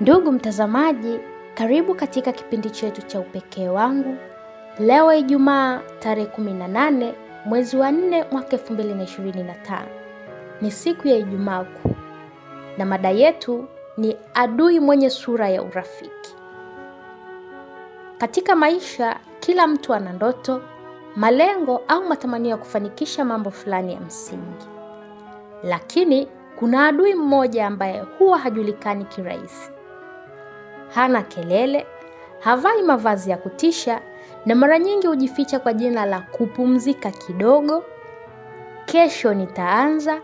Ndugu mtazamaji, karibu katika kipindi chetu cha Upekee wangu leo Ijumaa tarehe 18 mwezi wa 4 mwaka 2025. Ni siku ya Ijumaa Kuu na mada yetu ni adui mwenye sura ya urafiki. Katika maisha, kila mtu ana ndoto, malengo au matamanio ya kufanikisha mambo fulani ya msingi, lakini kuna adui mmoja ambaye huwa hajulikani kirahisi hana kelele, havai mavazi ya kutisha na mara nyingi hujificha kwa jina la kupumzika kidogo, kesho nitaanza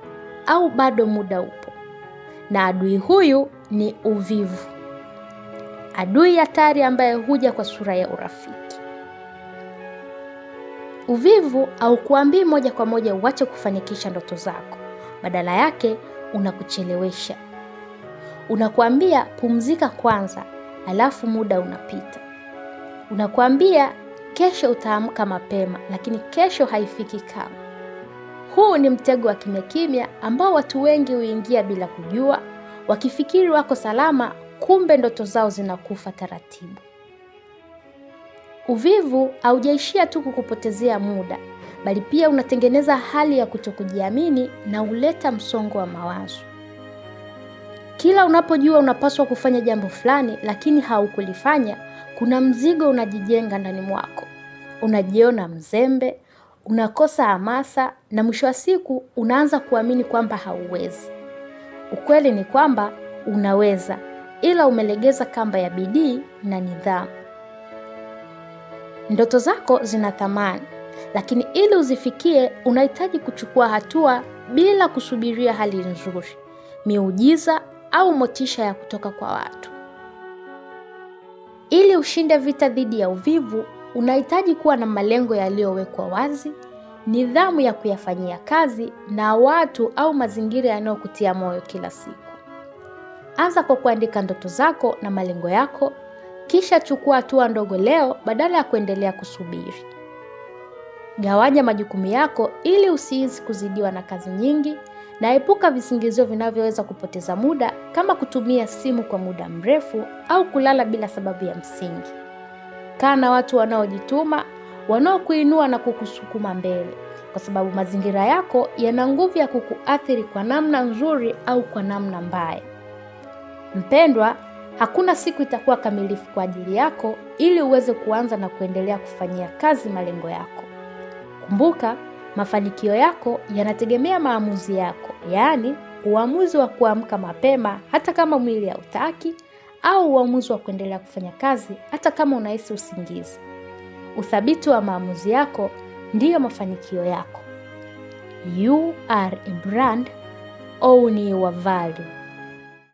au bado muda upo. Na adui huyu ni uvivu, adui hatari ambaye huja kwa sura ya urafiki. Uvivu haukuambii moja kwa moja uache kufanikisha ndoto zako, badala yake unakuchelewesha. Unakuambia pumzika kwanza halafu muda unapita. Unakuambia kesho utaamka mapema, lakini kesho haifiki kama. Huu ni mtego wa kimya kimya ambao watu wengi huingia bila kujua, wakifikiri wako salama, kumbe ndoto zao zinakufa taratibu. Uvivu haujaishia tu kukupotezea muda, bali pia unatengeneza hali ya kutokujiamini na huleta msongo wa mawazo. Kila unapojua unapaswa kufanya jambo fulani lakini haukulifanya, kuna mzigo unajijenga ndani mwako. Unajiona mzembe, unakosa hamasa na mwisho wa siku unaanza kuamini kwamba hauwezi. Ukweli ni kwamba unaweza, ila umelegeza kamba ya bidii na nidhamu. Ndoto zako zina thamani, lakini ili uzifikie unahitaji kuchukua hatua bila kusubiria hali nzuri, miujiza au motisha ya kutoka kwa watu. Ili ushinde vita dhidi ya uvivu, unahitaji kuwa na malengo yaliyowekwa wazi, nidhamu ya kuyafanyia kazi na watu au mazingira yanayokutia moyo kila siku. Anza kwa kuandika ndoto zako na malengo yako, kisha chukua hatua ndogo leo badala ya kuendelea kusubiri. Gawanya majukumu yako ili usiizi kuzidiwa na kazi nyingi. Naepuka visingizio vinavyoweza kupoteza muda kama kutumia simu kwa muda mrefu au kulala bila sababu ya msingi. Kaa na watu wanaojituma, wanaokuinua na kukusukuma mbele, kwa sababu mazingira yako yana nguvu ya kukuathiri kwa namna nzuri au kwa namna mbaya. Mpendwa, hakuna siku itakuwa kamilifu kwa ajili yako ili uweze kuanza na kuendelea kufanyia kazi malengo yako. Kumbuka, Mafanikio yako yanategemea maamuzi yako, yaani uamuzi wa kuamka mapema hata kama mwili hautaki, au uamuzi wa kuendelea kufanya kazi hata kama unahisi usingizi. Uthabiti wa maamuzi yako ndiyo mafanikio yako. You are a brand, own your value.